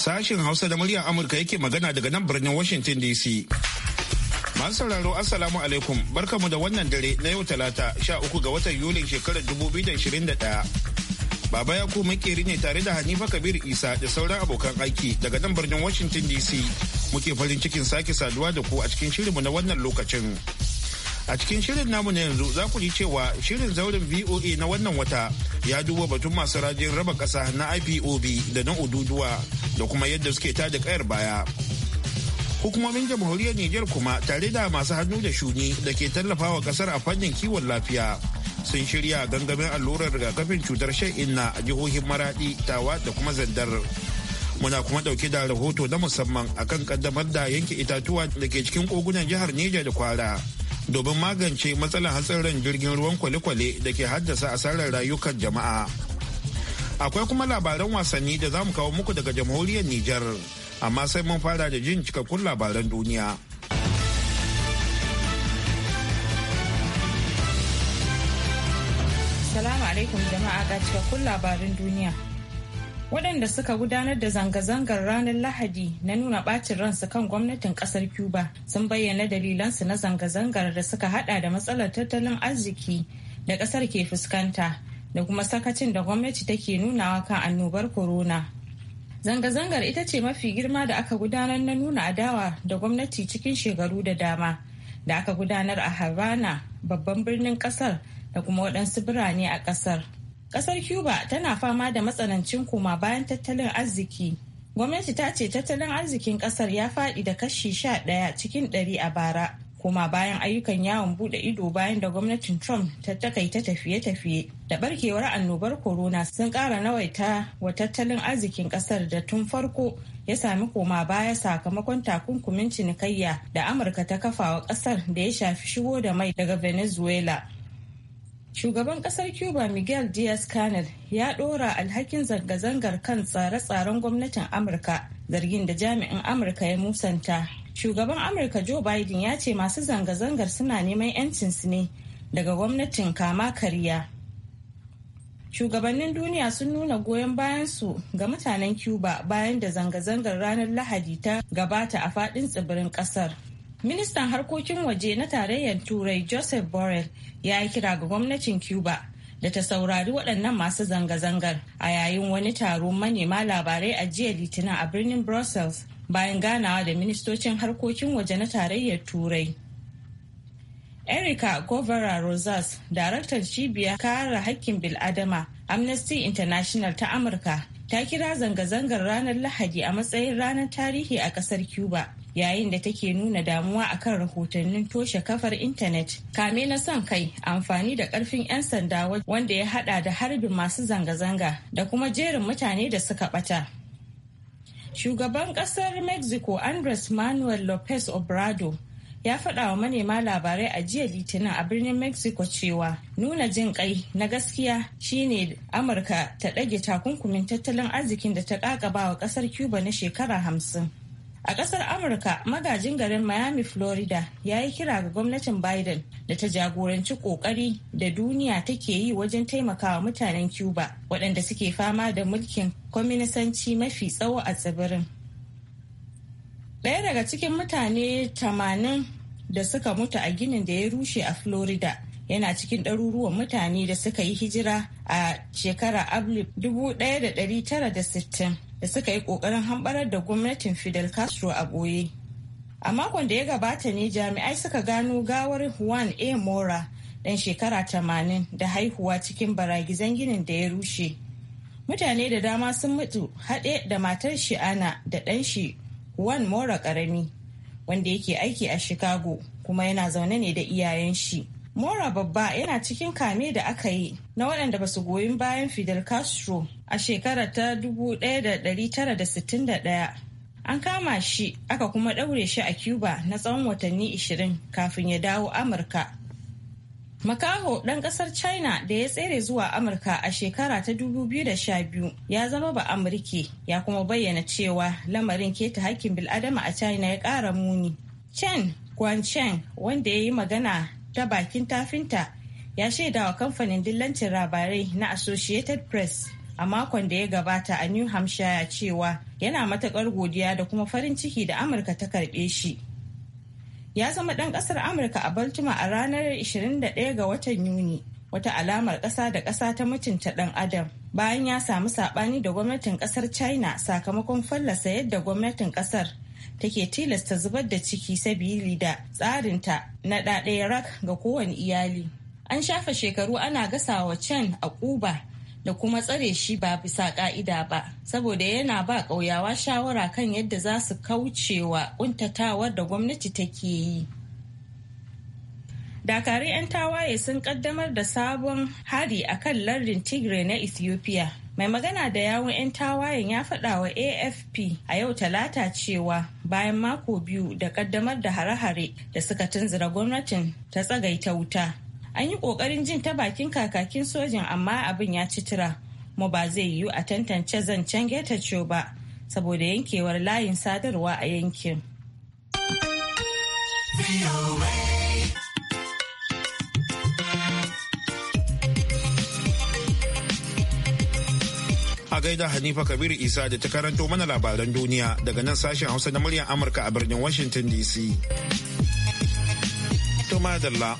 Sashin Hausa da muryar Amurka yake magana daga nan birnin Washington DC. Masu sauraro Assalamu alaikum barkamu da wannan dare na yau talata sha uku ga watan Yulin shekarar 2021. Baba ya ku makeri ne tare da Hanifa Kabir Isa da sauran abokan aiki daga nan birnin Washington DC. Muke farin cikin sake saduwa da ku a cikin shirinmu na wannan lokacin. A cikin shirin namu na yanzu za ku ji cewa shirin zauren VOA na wannan wata ya duba batun masu rajin raba ƙasa na IPOB da na Ududuwa da kuma yadda suke tada kayar baya. Hukumomin jamhuriyar Nijar kuma tare da masu hannu da shuni da ke tallafawa kasar a fannin kiwon lafiya sun shirya gangamin allurar rigakafin cutar shan inna a jihohin Maradi, Tawa da kuma Zandar. muna kuma dauke da rahoto na musamman akan kaddamar da yanke itatuwa da ke cikin kogunan jihar Nijar da Kwara domin magance matsalar hatsarin jirgin ruwan kwale-kwale da ke haddasa asarar rayukan jama'a. Akwai kuma labaran wasanni da za mu kawo muku daga jamhuriyar Nijar, amma sai mun fara da jin cikakkun labaran duniya. Salamu alaikum jama'a ga cikakkun labarin duniya. waɗanda suka gudanar da zanga-zangar ranar lahadi na nuna ɓacin ransu kan gwamnatin ƙasar cuba sun bayyana dalilansu na zanga-zangar da suka hada da matsalar tattalin arziki da ƙasar ke fuskanta da kuma sakacin da gwamnati take nunawa kan annobar corona zanga-zangar ita ce mafi girma da aka gudanar na nuna adawa da gwamnati cikin shekaru da dama da aka gudanar a havana babban birnin ƙasar da kuma waɗansu birane a ƙasar Ƙasar Cuba tana fama da matsanancin koma bayan tattalin arziki. Gwamnati ta ce tattalin arzikin ƙasar ya faɗi da kashi sha ɗaya cikin ɗari a bara. Koma bayan ayyukan yawon buɗe ido bayan da gwamnatin Trump ta takaita tafiye-tafiye da barkewar annobar corona sun ƙara nawaita wa tattalin arzikin ƙasar da tun farko ya sami koma baya sakamakon takunkumin cinikayya da Amurka ta kafa wa kasar da ya shafi shigo da mai daga Venezuela. Shugaban kasar Cuba Miguel Diaz-Canel ya ɗora alhakin zanga-zangar kan tsare-tsaren gwamnatin Amurka zargin da jami'in Amurka ya musanta. Shugaban Amurka Joe Biden ya ce masu zanga-zangar suna neman yancin su ne daga gwamnatin kama karya. Shugabannin duniya sun nuna goyon bayansu ga mutanen Cuba bayan da zanga-zangar ranar Lahadi ta gabata a faɗin tsibirin ƙasar. Ministan harkokin waje na tarayyar Turai Joseph Borrell ya yi kira ga gwamnatin Cuba da ta saurari waɗannan masu zanga-zangar a yayin wani taron manema labarai a jiya Litinin a birnin Brussels bayan ganawa da ministocin harkokin waje na tarayyar Turai. Erika Govara Rosas, daraktar cibiyar kare hakkin bil'adama Amnesty International ta Amurka ta kira zanga-zangar ranar Lahadi a matsayin ranar tarihi a ƙasar Cuba. Yayin da take nuna damuwa a kan rahotannin toshe kafar intanet, kame na son kai amfani da ƙarfin 'yan sanda wanda ya hada da harbin masu zanga-zanga da kuma jerin mutane da suka bata. Shugaban ƙasar Mexico Andres Manuel Lopez Obrado. ya faɗa wa manema labarai a jiya litinin a birnin mexico cewa nuna jin kai na gaskiya shine amurka ta ɗage takunkumin tattalin arzikin da ta ƙaƙaba wa ƙasar cuba na shekara hamsin a ƙasar amurka magajin garin miami florida ya yi kira ga gwamnatin biden da ta jagoranci ƙoƙari da duniya take yi wajen taimakawa mutanen cuba waɗanda suke fama da mulkin kwaminisanci mafi tsawo a tsibirin Ɗaya daga cikin mutane 80 da suka mutu a ginin da ya rushe a Florida yana cikin ɗaruruwan mutane da suka yi hijira a shekara Ablib 1960 da suka yi ƙoƙarin hambarar da gwamnatin Fidel Castro a ɓoye. A makon da ya gabata ne jami'ai suka gano gawar Juan A. Mora ɗan shekara 80 da haihuwa cikin baragizan ginin da ya rushe. Mutane da dama sun mutu haɗe da matar shi ana da ɗan shi Juan Mora karami wanda yake aiki a Chicago kuma yana zaune ne da iyayen shi. Mora babba yana cikin kame da aka yi na waɗanda ba su goyin bayan Fidel Castro a shekarar ta 1961. An kama shi aka kuma ɗaure shi a Cuba na tsawon watanni 20 kafin ya dawo Amurka Makaho ɗan ƙasar China da ya tsere zuwa Amurka a shekara ta 2012 ya zama ba Amurki ya kuma bayyana cewa lamarin keta hakkin bil'adama a China ya ƙara muni. Chen Guangcheng wanda ya yi magana ta bakin tafinta ya shaida wa kamfanin dillancin labarai na Associated Press a makon da ya gabata a New Hampshire cewa yana matakar godiya da kuma farin ciki da Amurka ta karɓe shi. ya zama ɗan ƙasar amurka a baltimore a ranar 21 ga watan yuni wata alamar ƙasa da ƙasa ta mutunta ɗan adam bayan ya samu saɓani da gwamnatin ƙasar china sakamakon fallasa yadda gwamnatin ƙasar take tilasta zubar da ciki sabili da tsarinta na ɗaɗaya rak ga kowane iyali an shafa shekaru ana gasawa can a ƙuba da kuma tsare shi ba bisa ka'ida ba saboda yana ba ƙauyawa shawara kan yadda za su kaucewa ƙuntatawar da gwamnati take yi Dakari 'yan tawaye sun kaddamar da sabon hari a kan lardin tigray na ethiopia mai magana da yawun 'yan tawayen ya faɗa wa afp a yau talata cewa bayan mako biyu da kaddamar da hare-hare da suka tunzura gwamnatin ta tsagaita wuta an yi kokarin jin ta bakin kakakin sojin amma abin ya ci tura mu ba zai yiwu a tantance zancen ce ba saboda yankewar layin sadarwa a yankin a gaida hanifa kabiru isa da ta karanto mana labaran duniya daga nan sashen hausa na muryar amurka a birnin washington dc to madalla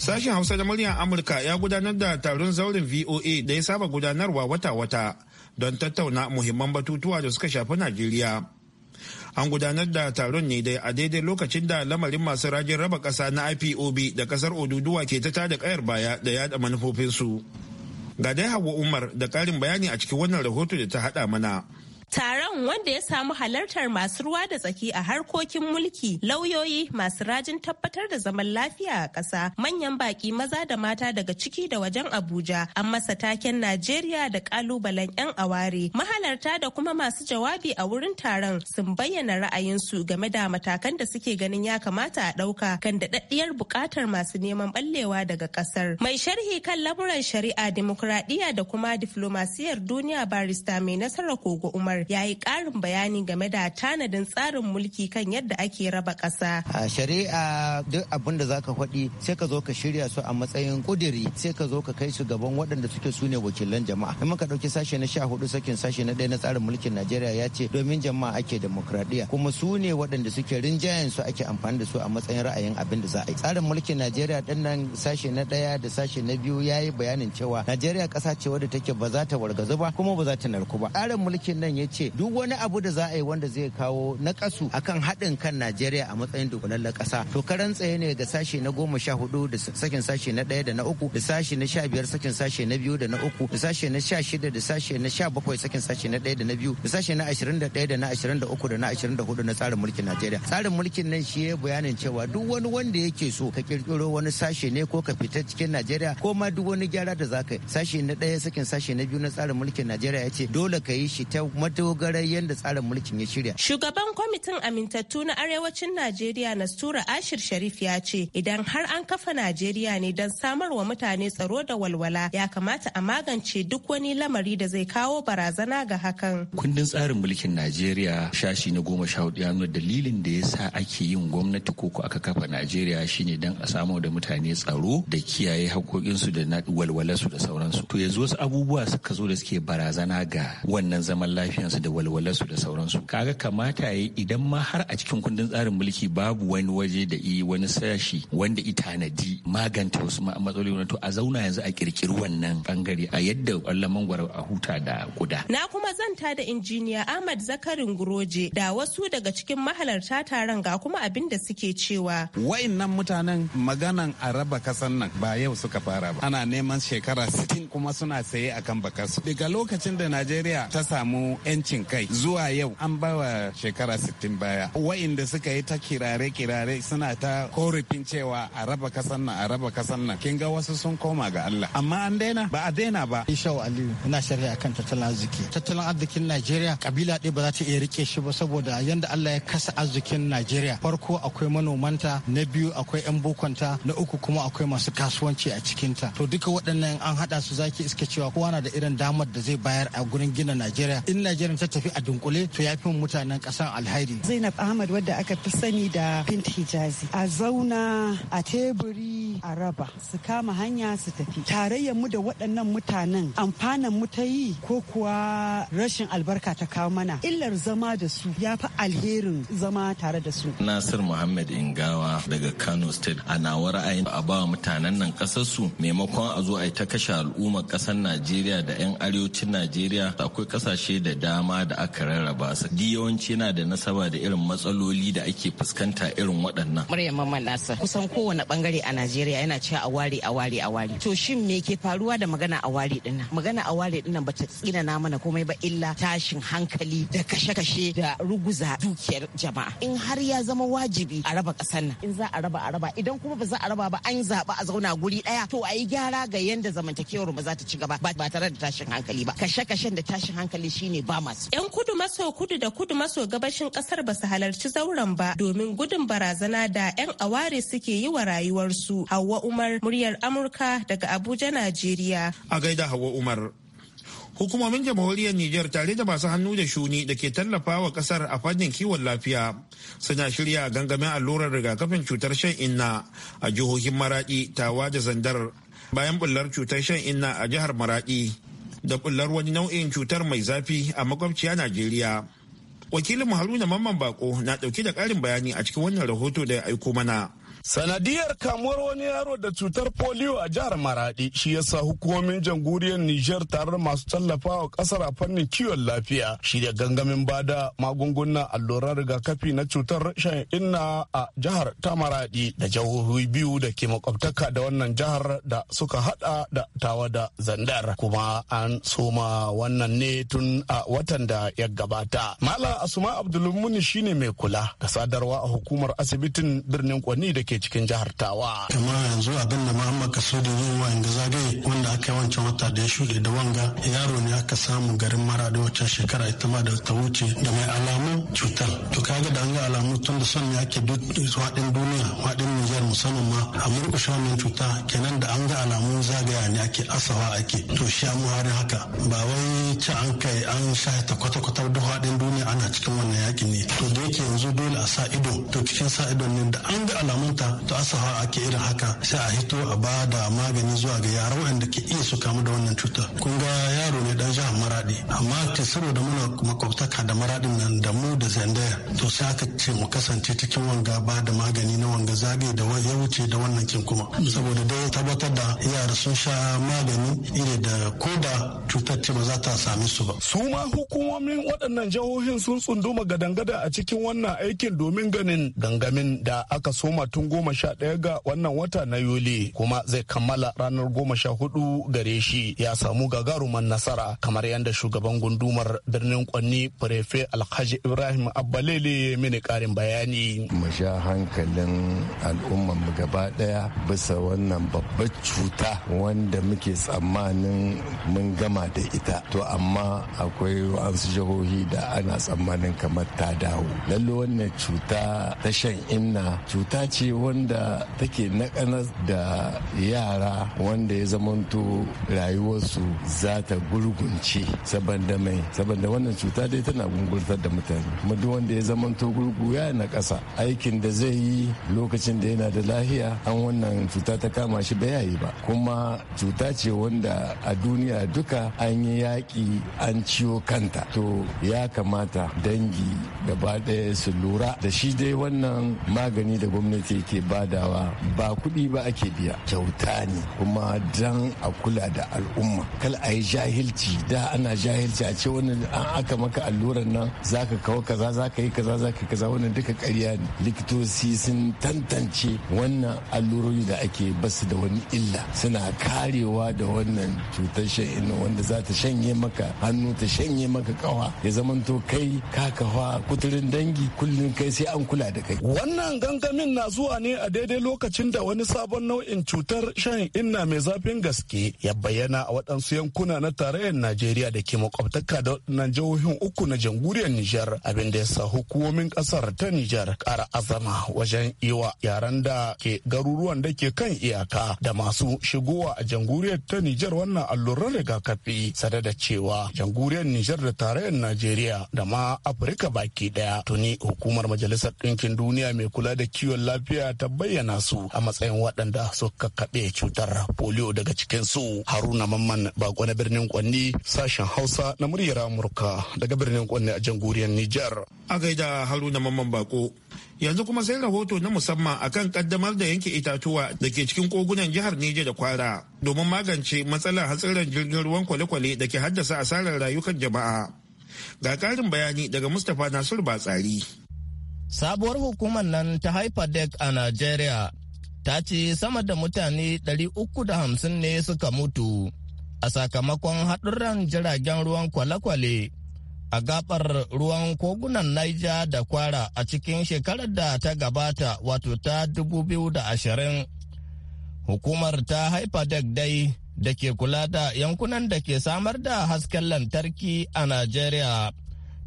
Sashen Hausa da muryar Amurka ya gudanar da taron zaurin VOA da ya saba gudanarwa wata-wata don tattauna muhimman batutuwa da suka shafi Najeriya. An gudanar da taron ne dai a daidai lokacin da lamarin masu rajin raba ƙasa na IPOB da ƙasar Oduduwa ke ta tada ƙayar baya da yada manufofinsu. Ga dai Hauwa Umar da ƙarin bayani a cikin wannan rahoto da ta haɗa mana. Taron wanda ya samu halartar masu ruwa da tsaki a harkokin mulki, lauyoyi, masu rajin tabbatar da zaman lafiya a ƙasa, manyan baƙi maza da mata daga ciki da wajen Abuja, an masa taken Najeriya da ƙalubalen 'yan aware. Mahalarta da kuma masu jawabi a wurin taron sun bayyana ra'ayinsu game da matakan da suke ganin ya kamata a ɗauka kan daɗaɗɗiyar buƙatar masu neman ɓallewa daga ƙasar. Mai sharhi kan lamuran shari'a, dimokuraɗiyya da kuma diflomasiyar duniya barista mai nasarar Kogo Umar kasar ya yi karin bayani game da tanadin tsarin mulki kan yadda ake raba kasa. A shari'a duk abin da zaka faɗi sai ka zo ka shirya su a matsayin kudiri sai ka zo ka kai su gaban waɗanda suke su ne wakilan jama'a. In muka ɗauki sashe na sha hudu sakin sashe na ɗaya na tsarin mulkin Najeriya ya ce domin jama'a ake demokradiyya kuma su ne waɗanda suke rinjayen su ake amfani da su a matsayin ra'ayin abin da za a yi. Tsarin mulkin Najeriya ɗin nan sashe na ɗaya da sashe na biyu ya yi bayanin cewa Najeriya ƙasa ce wadda take ba za ta wargazu ba kuma ba za ta narku ba. Tsarin mulkin nan ya ce duk wani abu da za a yi wanda zai kawo kasu akan haɗin kan Najeriya a matsayin dunkulallen ƙasa. To karan tsaye ne ga sashe na goma sha hudu da sakin sashe na ɗaya da na uku da sashe na sha biyar sakin sashe na biyu da na uku da sashe na sha shida da sashe na sha bakwai sakin sashe na ɗaya da na biyu da sashe na ashirin da ɗaya da na ashirin da uku da na ashirin da hudu na tsarin mulkin Najeriya. Tsarin mulkin nan shi ya bayanin cewa duk wani wanda yake so ka kirkiro wani sashe ne ko ka fita cikin Najeriya ko ma duk wani gyara da za ka yi. Sashe na ɗaya sakin sashe na biyu na tsarin mulkin Najeriya ya ce dole ka yi shi ta mata madogarar yadda tsarin mulkin ya shirya. Shugaban kwamitin amintattu na arewacin Najeriya Sura Ashir Sharif ya ce idan har an kafa Najeriya ne don samar wa mutane tsaro da walwala ya kamata a magance duk wani lamari da zai kawo barazana ga hakan. Kundin tsarin mulkin Najeriya shashi na goma sha hudu ya nuna dalilin da ya sa ake yin gwamnati ko aka kafa Najeriya shine don a samar da mutane tsaro da kiyaye haƙoƙinsu da walwalarsu da sauransu. To yanzu wasu abubuwa suka zo da suke barazana ga wannan zaman lafiya Su da walwalarsu da sauransu kaga kamata ya idan ma har a cikin kundin tsarin mulki babu wani waje da yi wani sashi wanda i tanadi maganta wasu matsaloli to a zauna yanzu a kirkiri wannan bangare a yadda kwallon mangwaro a huta da guda na kuma zanta da injiniya ahmad zakarin guroje da wasu daga cikin mahalarta taron ga kuma abin da suke cewa wayannan mutanen maganan a raba kasan nan ba yau suka fara ba ana neman shekara 60 kuma suna saye akan bakarsu daga lokacin da najeriya ta samu 'yancin kai zuwa yau an bawa shekara 60 baya wa'inda suka yi ta kirare-kirare suna ta korafin cewa a raba kasan nan a raba kasan nan kin ga wasu sun koma ga Allah amma an daina ba a daina ba Ishau Aliyu ina shari'a akan tattalin arziki tattalin arzikin Najeriya kabila ɗaya ba za ta iya rike shi ba saboda yanda Allah ya kasa arzikin Najeriya farko akwai manomanta na biyu akwai 'yan bokonta na uku kuma akwai masu kasuwanci a cikin ta to duka waɗannan an haɗa su zaki iska cewa kowa na da irin damar da zai bayar a gurin gina Najeriya in Najeriya ta tafi a dunkule to ya fi mutanen ƙasar alhairi. Zainab Ahmad wadda aka fi sani da Pint Hijazi. A zauna a teburi a raba su kama hanya su tafi. Tarayyar mu da waɗannan mutanen amfanan mu ta yi ko kuwa rashin albarka ta kawo mana. Illar zama da su ya fi alherin zama tare da su. Nasir Muhammad Ingawa daga Kano State a nawa ra'ayin a bawa mutanen nan ƙasar su maimakon a zo a yi ta kashe al'ummar ƙasar Najeriya da 'yan arewacin Najeriya akwai ƙasashe da dama da aka rarraba su yawanci yana da nasaba da irin matsaloli da ake fuskanta irin waɗannan Maryam Mamman Nasir kusan kowane bangare a Najeriya yana cewa a ware a ware a ware to shin me ke faruwa da magana a ware dinnan magana a ware dinnan bata na mana komai ba illa tashin hankali da kashe-kashe da ruguza dukiyar jama'a in har ya zama wajibi a raba ƙasar nan in za a raba a raba idan kuma ba za a raba ba an zaɓa a zauna guri ɗaya to a yi gyara ga yanda zamantakewar ba za ta ci gaba ba tare da tashin hankali ba kashe-kashen da tashin hankali shine ba Hamas. 'Yan kudu maso kudu da kudu maso gabashin kasar ba su halarci zauren ba domin gudun barazana da 'yan aware suke yi wa rayuwarsu. Hauwa Umar muryar Amurka daga Abuja, Najeriya. A gaida Hauwa Umar. Hukumomin jamhuriyar Nijar tare da masu hannu da shuni da ke tallafa wa kasar a fannin kiwon lafiya suna shirya gangamin allurar rigakafin cutar shan inna a jihohin Maradi, Tawa da Zandar bayan bullar cutar shan inna a jihar Maradi. da bullar wani nau'in cutar mai zafi a makwabciya Najeriya. Wakilin Haruna Mamman Bako na dauke da ƙarin bayani a cikin wannan rahoto da ya aiko mana. Sanadiyar kamuwar wani yaro da cutar polio a jihar Maradi shi yasa hukumomin jamhuriyar Nijar tare da masu tallafawa kasar a fannin kiwon lafiya shirya gangamin bada magungunan alluran rigakafi na cutar rashin inna a jihar ta Maradi da jihohi biyu da ke makwabtaka da wannan jihar da suka hada da tawa da zandar kuma an soma wannan ne tun a watan da ya gabata. Malam Asuma Abdulmuni shine mai kula da sadarwa a hukumar asibitin birnin Kwani da ke cikin jihar Tawa. Kamar yanzu abin da Muhammad Kasudi zai wa inda zagaye wanda aka yi wancan wata da ya shuɗe da wanga yaro ne aka samu garin mara da wacce shekara ita ma da ta wuce da mai alamun cutar. To kaga da an ga alamu tun da son ne ake haɗin duniya waɗin Nijar musamman ma a murƙushe wannan cuta kenan da an ga alamun zagaya ne ake asawa ake. To shi mu harin haka ba wai ci an kai an ta kwata-kwata duk haɗin duniya ana cikin wannan yakin ne. To da yake yanzu dole a sa ido to cikin sa idon ne da an ga alamun likita to asaha ake irin haka sai a hito a ba da magani zuwa ga yara waɗanda ke iya su kamu da wannan cuta kun ga yaro ne dan jihar maraɗi. amma ke saboda muna makwabtaka da maraɗin nan da mu da zandaya to sai aka ce mu kasance cikin wanga ba da magani na wanga zage da ya wuce da wannan kin kuma saboda dai tabbatar da yara sun sha magani iri da koda cutar ce ba za ta same su ba su ma hukumomin waɗannan jihohin sun tsunduma gadangada a cikin wannan aikin domin ganin gangamin da aka soma tun goma sha ɗaya ga wannan wata na Yuli kuma zai kammala ranar goma sha hudu gare shi ya samu gagaruman nasara kamar yadda shugaban gundumar birnin Kwanni Prefe Alhaji Ibrahim Abbalele ya mini karin bayani. Mu sha hankalin al'ummar mu gaba ɗaya bisa wannan babbar cuta wanda muke tsammanin mun gama da ita to amma akwai wasu jihohi da ana tsammanin kamar ta dawo. Lalle wannan cuta ta shan inna cuta ce wanda take nakanas da yara wanda ya zamanto rayuwarsu za ta gurgunce saboda mai saboda wannan cuta dai tana gungurtar da mutane kuma duk wanda ya zamanto gurgu ya na ƙasa aikin da zai yi lokacin da yana da lahiya an wannan cuta ta kama shi ba yayi ba kuma cuta ce wanda a duniya duka an yi yaƙi an ciwo kanta to ya kamata dangi gaba ɗaya su lura da shi dai wannan magani da gwamnati ake badawa ba kuɗi ba ake biya kyauta ne kuma dan a kula da al'umma kal a yi jahilci da ana jahilci a ce wani an aka maka alluran nan ka kawo kaza ka yi kaza yi kaza wani duka ƙarya ne likitoci sun tantance wannan allurori da ake basu da wani illa suna karewa da wannan cutar shan wanda za ta shanye maka hannu ta shanye maka kawa ya zamanto kai ka kawa kuturin dangi kullum kai sai an kula da kai wannan gangamin na zuwa ne a daidai lokacin da wani sabon nau'in cutar shan inna mai zafin gaske ya bayyana a waɗansu yankuna na tarayyar Najeriya da ke makwabtaka da waɗannan jihohin uku na jamhuriyar Nijar abin da ya sa hukumomin ƙasar ta Nijar ƙara azama wajen iwa yaran da ke garuruwan da ke kan iyaka da masu shigowa a jamhuriyar ta Nijar wannan alluran rigakafi sada da cewa jamhuriyar Nijar da tarayyar Najeriya da ma Afirka baki ɗaya. tuni hukumar Majalisar Ɗinkin Duniya mai kula da kiwon lafiya ta bayyana su a matsayin waɗanda suka kaɓe cutar polio daga cikin su. Haruna Mamman Bako na birnin Kwanni sashen Hausa na muryar Amurka daga birnin Kwanni a jamhuriyar Nijar. A gaida Haruna Mamman Bako. Yanzu kuma sai rahoto na musamman akan kaddamar da yanke itatuwa da ke cikin kogunan jihar Nijar da Kwara domin magance matsalar hatsarin jirgin ruwan kwale-kwale da ke haddasa asarar rayukan jama'a. Ga ƙarin bayani daga Mustapha Nasiru Batsari. Sabuwar hukumar nan ta Hyperdeck a Najeriya ta ce sama da mutane 350 ne suka mutu a sakamakon haɗurran jiragen ruwan kwale-kwale a gabar ruwan kogunan Niger da Kwara a cikin shekarar da ta gabata wato ta 2020. Hukumar ta Hyperdeck dai da ke kula da yankunan da ke samar da hasken lantarki a Najeriya.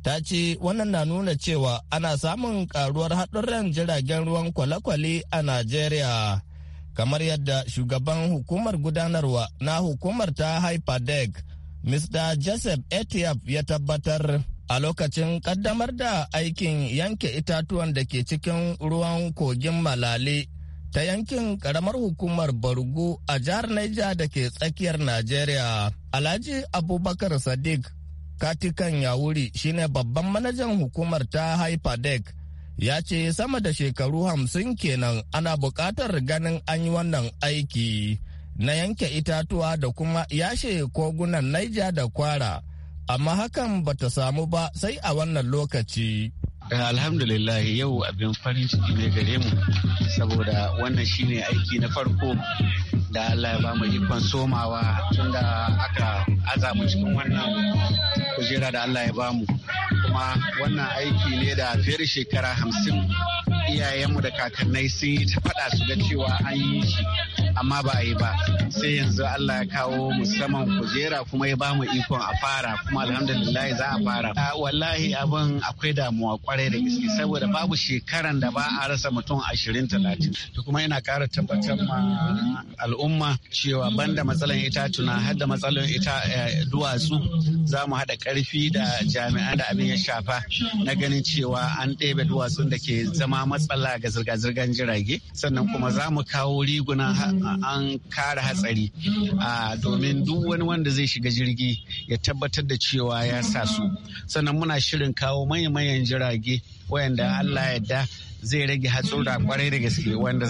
ta ce wannan na nuna cewa ana samun karuwar haɗurran jiragen ruwan kwale-kwale a Najeriya. Kamar yadda shugaban hukumar gudanarwa na hukumar ta Hyperdeck, Mr. Joseph Etiap ya tabbatar a lokacin kaddamar da aikin yanke itatuwan da ke cikin ruwan kogin Malale ta yankin karamar hukumar Bargu a jihar Niger da ke tsakiyar Najeriya. Alhaji Abubakar Sadiq katikan yawuri shine babban manajan hukumar ta hyperdeck ya ce sama da shekaru hamsin kenan ana buƙatar ganin an yi wannan aiki na yanke itatuwa da kuma yashe kogunan naija da kwara amma hakan bata samu ba sai a wannan lokaci eh, alhamdulillah yau abin farin ciki ne gare mu saboda wannan shine aiki na farko da Allah ya bamu ikon somawa tunda aka aza mu cikin wannan kujera da Allah ya bamu kuma wannan aiki ne da fiye da shekara hamsin iyayenmu da kakannai sun yi ta faɗa su ga cewa an yi shi amma ba a yi ba sai yanzu Allah ya kawo musamman kujera kuma ya bamu ikon a fara kuma alhamdulillah za a fara wallahi abin akwai damuwa kwarai da gaske saboda babu shekaran da ba a rasa mutum ashirin talatin to kuma yana ƙara tabbatar ma al'umma cewa banda matsalan itatuna har da matsalan ita eh, duwatsu za mu haɗa ƙarfi da jami'an da abin abin ya shafa na ganin cewa an ɗebe duwatsun da ke zama matsala ga zirga-zirgar jirage sannan kuma za mu kawo riguna an kare hatsari domin duk wani wanda zai shiga jirgi ya tabbatar da cewa ya sa su sannan muna shirin kawo manya-manyan jirage wayanda Allah yadda zai rage hatsura kwarai da gaske wanda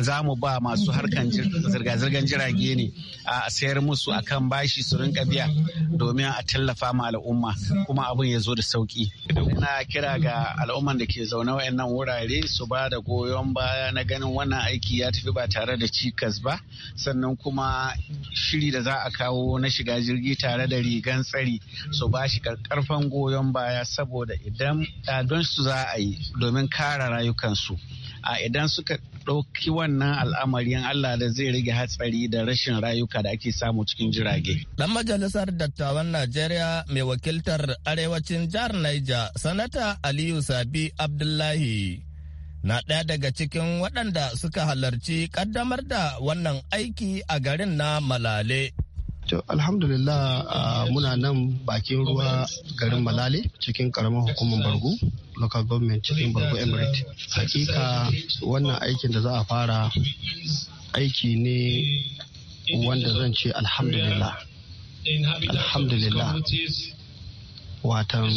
za mu ba masu harkan zirga-zirgar jirage ne a sayar musu akan bashi su rinka biya domin a tallafa ma al'umma kuma abin ya zo da sauki ina kira ga al'umman da ke zaune wayannan wurare su ba da goyon baya na ganin wannan aiki ya tafi ba tare da cikas ba sannan kuma shiri da za a kawo na shiga jirgi tare da rigan tsari su ba shi karfan goyon baya saboda idan don su za a yi domin kare rayukansu a idan suka ɗauki wannan al'amarin Allah da zai rage hatsari da rashin rayuka da ake samu cikin jirage. Dan majalisar dattawan Najeriya mai wakiltar arewacin jihar Niger, Sanata Aliyu Sabi Abdullahi na ɗaya daga cikin waɗanda suka halarci ƙaddamar da wannan aiki a garin na Malale. To alhamdulillah muna nan bakin ruwa garin Malale cikin karamar hukumar Bargu local government cikin Bargu Emirate. Hakika wannan aikin da za a fara aiki ne wanda zan ce alhamdulillah. Alhamdulillah. Watan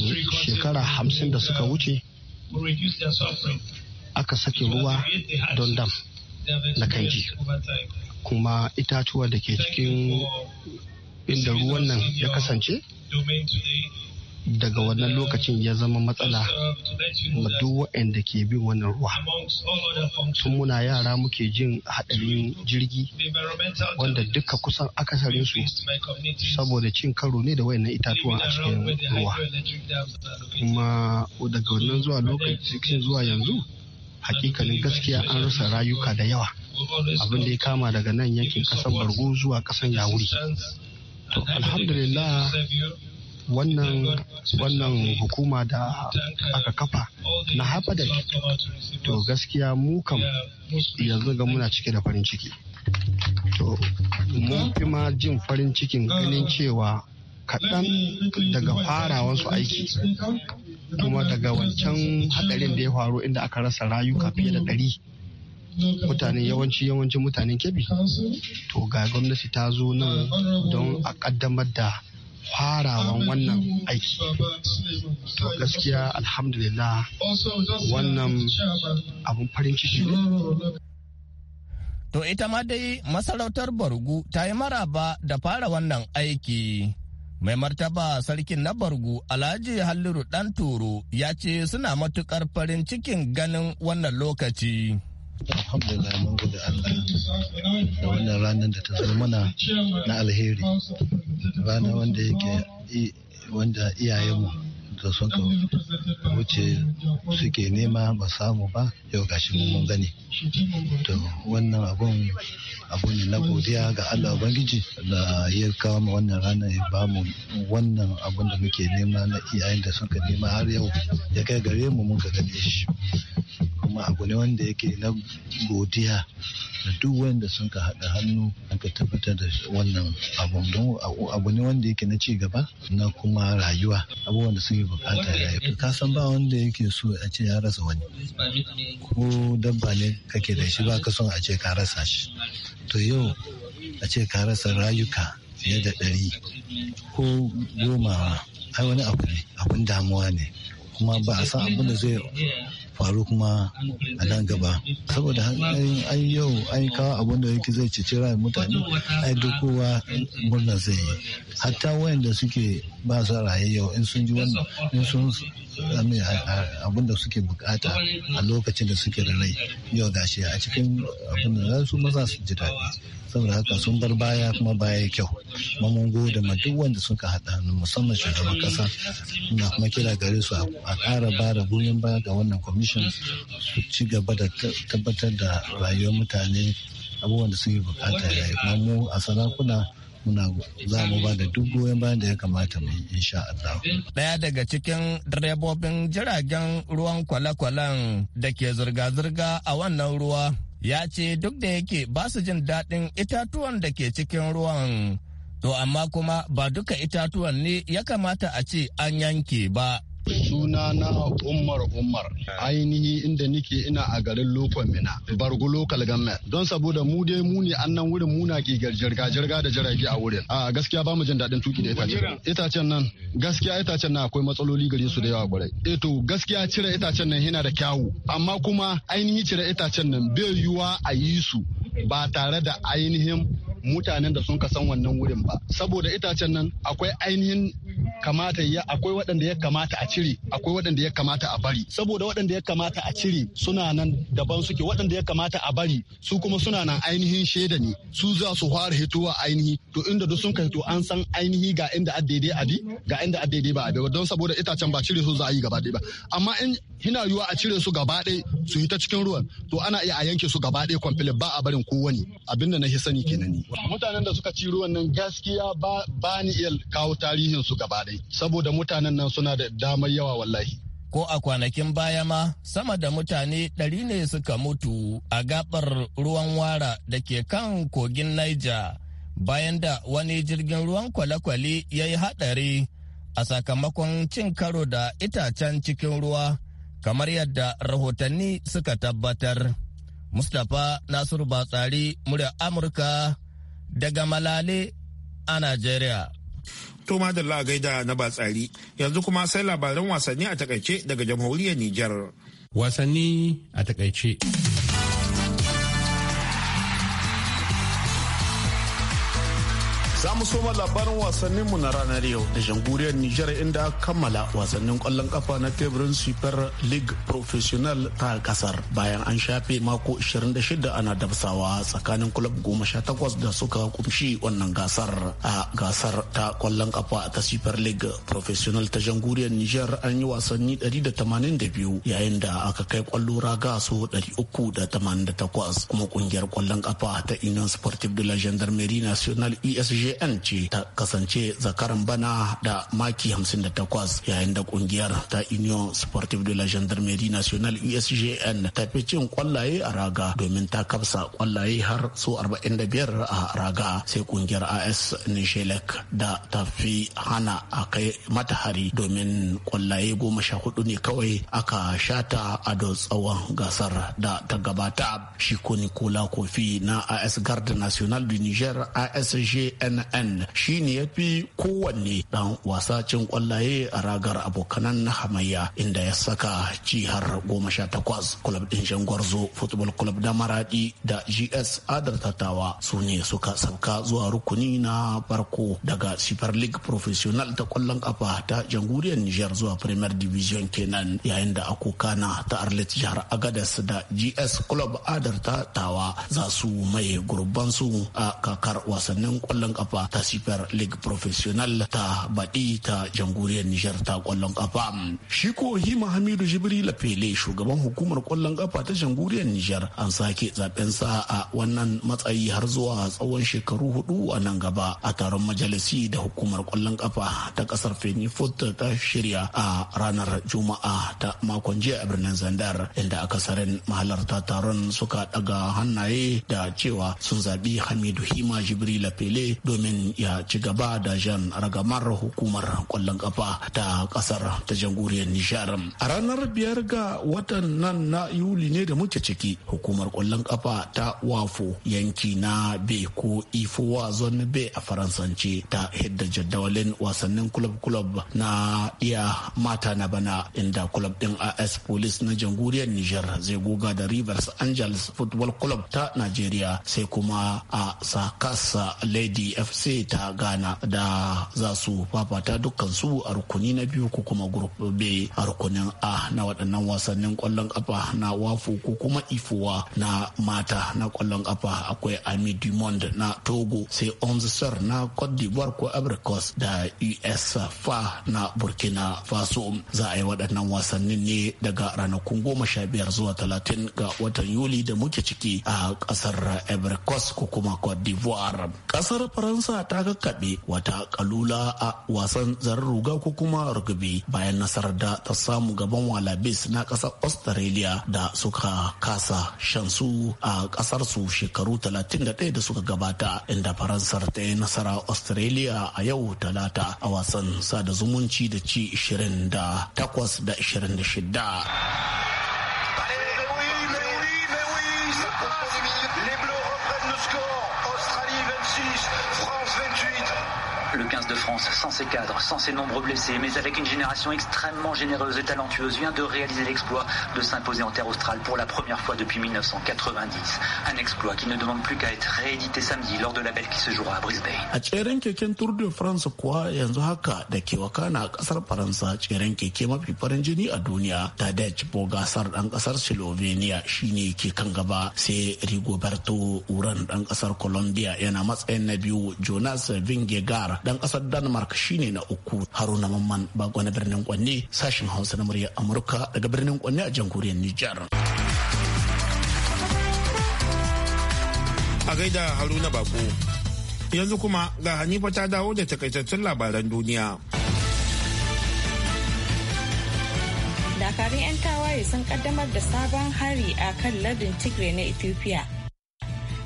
shekara hamsin da suka wuce aka sake ruwa don dam na kanji. kuma itatuwa da ke cikin inda ruwan nan ya kasance daga wannan lokacin ya zama matsala uh, ma duk waɗanda ke bin wannan ruwa tun muna yara muke jin haɗarin jirgi wanda duka kusan akasarin su saboda cin karo ne da wayannan itatuwa a cikin ruwa kuma daga wannan zuwa lokacin zuwa yanzu hakikalin gaskiya an rasa rayuka da yawa abin da ya kama daga nan yankin kasar bargo zuwa kasan yawuri to alhamdulillah wannan wannan hukuma da aka kafa na haɓadar to gaskiya mu kam yanzu ga muna cike da farin ciki to mun fi ma jin farin cikin ganin cewa kaɗan daga farawansu aiki kuma daga wancan hadarin da ya faru inda aka rasa rayuka fiye da ɗari mutane yawanci yawancin mutanen kebi to ga gwamnati ta zo nan don a ƙaddamar da farawan wannan aiki to gaskiya alhamdulillah wannan abun farin ciki to ita ma dai masarautar bargu ta yi maraba da fara wannan aiki mai martaba sarkin na bargu alhaji halliru dan Turu ya ce suna matukar farin cikin ganin wannan lokaci alhamdulillah mun gode Allah da wannan ranar da ta zo mana na alheri rana wanda yake wanda iyayenmu da sun ka wuce suke nema ba samu ba yau gashi mun gani to wannan abun abu ne na godiya ga Allah Ubangiji da ya kawo mu wannan rana ya ba mu wannan abun da muke nema na iyayen da sun ka nema har yau ya kai gare mu mun ka gane shi kuma abu ne wanda yake na godiya da duk wanda sun ka haɗa hannu aka tabbatar da wannan abu don abu ne wanda yake na ci gaba na kuma rayuwa abubuwan da suke bukata rayuwa ka san ba wanda yake so a ce ya rasa wani ko dabba ne kake da shi ba ka son a ce ka rasa shi to yau a ce ka rasa rayuka fiye da ɗari ko goma ai wani abu ne abun damuwa ne kuma ba a san abin da zai faru kuma a nan gaba saboda ai yau ai kawo abin da yake zai cece rayuwar mutane ai duk kowa murna zai yi hatta wayanda suke ba sa raye yau in sun ji wannan in sun abin da suke bukata a lokacin da suke da rai yau gashi a cikin abin da za su maza su ji daɗi saboda haka sun bar baya kuma baya kyau kuma mun gode ma duk wanda suka haɗa musamman shugaban kasa na kuma kira gare su a kara ba da goyon baya ga wannan kwamishin su ci gaba da tabbatar da rayuwar mutane abubuwan da suke bukata yi kuma mu a sarakuna muna za mu ba da duk goyon bayan da ya kamata mu insha Allah. Daya daga cikin direbobin jiragen ruwan kwale-kwalen da ke zirga-zirga a wannan ruwa ya ce duk da yake ba su jin daɗin itatuwan da ke cikin ruwan to amma kuma ba duka itatuwan ne ya kamata a ce an yanke ba suna na umar umar ainihi inda nike ina a garin lokon mina bargu local government don saboda mu dai mu ne annan wurin muna ke jirga jirga da jirage a wurin a gaskiya ba mu jin daɗin tuki da itacen itacen nan gaskiya itacen nan akwai matsaloli gare su da yawa gurai eh to gaskiya cire itacen nan yana da kyawu amma kuma ainihi cire itacen nan bai yiwuwa a yi su ba tare da ainihin mutanen da sun san wannan wurin ba saboda itacen nan akwai ainihin kamata ya akwai waɗanda ya kamata a cire akwai waɗanda ya kamata a bari saboda waɗanda ya kamata a cire suna nan daban suke waɗanda ya kamata a bari su kuma suna nan ainihin shaida ne su za su fara hitowa ainihi to inda duk sun ka hito an san ainihi ga inda a daidai a bi ga inda a daidai ba a bi don saboda itacen ba cire su za a yi gaba ɗaya ba amma in hina yiwa a cire su gaba ɗaya su hita cikin ruwan to ana iya a yanke su gaba ɗaya kwamfilin ba a barin kowani abinda na hisani kenan ne mutanen da suka ci ruwan nan gaskiya ba ni iya kawo tarihin su gaba dai saboda mutanen nan suna da damar yawa wallahi ko a kwanakin baya ma sama da mutane ɗari ne suka mutu a gabar ruwan wara da ke kan kogin Niger bayan da wani jirgin ruwan kwale-kwale ya yi haɗari a sakamakon cin karo da itacen cikin ruwa kamar yadda rahotanni suka tabbatar. Mustapha Nasiru Batsari, murya Amurka daga Malale a Najeriya. To madalla gaida na batsari yanzu kuma sai labaran wasanni a takaice daga jamhuriyar Nijar. Wasanni a takaice. Za mu soma labarin wasanninmu na ranar yau da jamhuriyar Nijar inda aka kammala wasannin kwallon kafa na teburin Super League Professional ta kasar bayan an shafe mako 26 ana dabsawa tsakanin goma sha 18 da suka kumshi wannan gasar a gasar ta kwallon kafa ta Super League Professional ta jamhuriyar Nijar an yi wasanni 182 yayin da aka kai kwallo raga so 388 kuma kungiyar kwallon kafa ta Union Sportive de la Gendarmerie Nationale ESG jn ce ta kasance zakaran bana da maki 58 yayin da kungiyar ta union sportive de la gendarmerie nationale usgn ta fi cin kwallaye a raga domin ta kafsa kwallaye har su 45 a raga sai kungiyar as nishelek da ta fi hana a kai mata hari domin kwallaye goma sha hudu ne kawai aka shata a da tsawon gasar da ta gabata shi ko nikola kofi na as garda national du niger asgn nn shine ya fi kowanne dan wasa cin kwallaye a ragar abokanan hamayya inda ya saka jihar goma sha takwas kulab din shangwarzo football club da maradi da gs adar tatawa su ne suka sauka zuwa rukuni na farko daga super league professional ta kwallon kafa ta jamhuriyar niger zuwa premier division kenan yayin da kana ta arlet jihar agadas da gs club adar tatawa za su mai gurbansu a kakar wasannin kwallon kafa kafa ta super league professional ta baɗi ta jamhuriyar nijar ta kwallon kafa shi ko hima hamidu jibrila fele shugaban hukumar ƙwallon kafa ta jamhuriyar nijar an sake zaben sa a wannan matsayi har zuwa tsawon shekaru hudu a nan gaba a taron majalisi da hukumar kwallon kafa ta ƙasar fenifot ta shirya a ranar juma'a ta makon jiya a birnin zandar inda akasarin mahalarta taron suka daga hannaye da cewa sun zaɓi hamidu hima jibrila fele don domin ya ci gaba da jan ragamar hukumar kwallon kafa ta kasar ta jamhuriyar Nijar, a ranar biyar ga watan nan na yuli ne da muke ciki hukumar kwallon kafa ta wafo yanki na be ko ifowa zon be a faransanci ta hidda jadawalin wasannin kulob-kulob na iya mata na bana inda kulob din as police na jamhuriyar Nijar zai goga da rivers angels football club ta nigeria sai kuma a sakasa lady fc ta ghana da za su fafata dukkan su a rukuni na biyu ko kuma group b a rukunin a na waɗannan wasannin kwallon ƙafa na wafu ko kuma ifuwa na mata na ƙwallon ƙafa akwai ami dumond na togo sai omsar na cote d'ivoire ko abricos da Fa na burkina faso za a yi waɗannan wasannin ne daga ranakun goma sha biyar zuwa talatin ga watan yuli da muke ciki a ƙasar abricos ko kuma cote d'ivoire ƙasar faransa sa ta kakkaɓe wata kalula a wasan zarar ruga ko kuma rugby bayan nasarar da ta samu gaban walabis na ƙasar australia da suka kasa shansu a ƙasar su shekaru 31 da suka gabata inda faransar ta yi nasara australia a yau talata a wasan sada zumunci da ci 28 da 26 le Australie 26, France 28. Le 15 de France, sans ses cadres, sans ses nombreux blessés, mais avec une génération extrêmement généreuse et talentueuse, vient de réaliser l'exploit de s'imposer en terre australe pour la première fois depuis 1990. Un exploit qui ne demande plus qu'à être réédité samedi lors de la belle qui se jouera à Brisbane. dan kasar Denmark shine na uku Haruna Mamman ba na birnin Kwanne sashin Hausa na muryar Amurka daga birnin Kwanne a jamhuriyar Nijar. A gaida Haruna Bako. Yanzu kuma ga Hanifa ta dawo da takaitattun labaran duniya. Dakarun 'yan tawaye sun kaddamar da sabon hari a kan lardin Tigray na Ethiopia.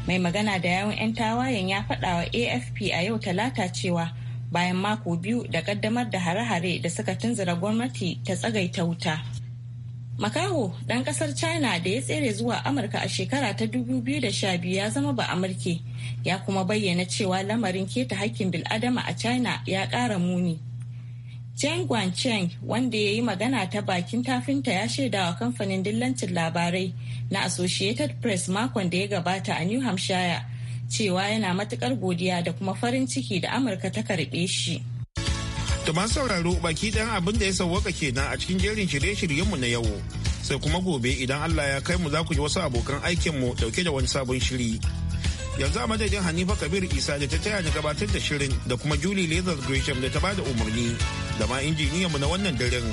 mai magana da yawon 'yan tawayen ya faɗa wa afp a yau talata cewa bayan mako biyu da kaddamar da hare-hare da suka tunzura gwamnati ta tsagaita wuta makaho ɗan ƙasar china da ya tsere zuwa amurka a shekara ta 2012 ya zama ba amurke ya kuma bayyana cewa lamarin keta hakkin bil'adama a china ya ƙara muni Chen Guangcheng wanda ya yi magana ta bakin tafinta ya shaidawa kamfanin dillancin labarai na Associated Press makon da ya gabata a New Hampshire cewa yana matukar godiya da kuma farin ciki da Amurka ta karbe shi. Tuma sauraro baki ɗan abin da ya sauwaka kenan a cikin jerin shirye-shiryenmu na yau. Sai kuma gobe idan Allah ya kai mu za ku ji wasu abokan aikinmu dauke da wani sabon shiri. yanzu a madadin hanifa kabiru isa da ta taya ni gabatar da shirin da kuma julie leather gresham da ta bada umarni da ma injiniyanmu na wannan daren.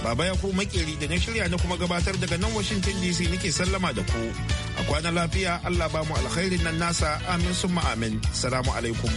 Baba ya ku makeri da na shirya na kuma gabatar daga nan Washington DC nake sallama da ku. A kwana lafiya Allah ba mu alkhairin nan nasa amin summa amin. Salamu alaikum.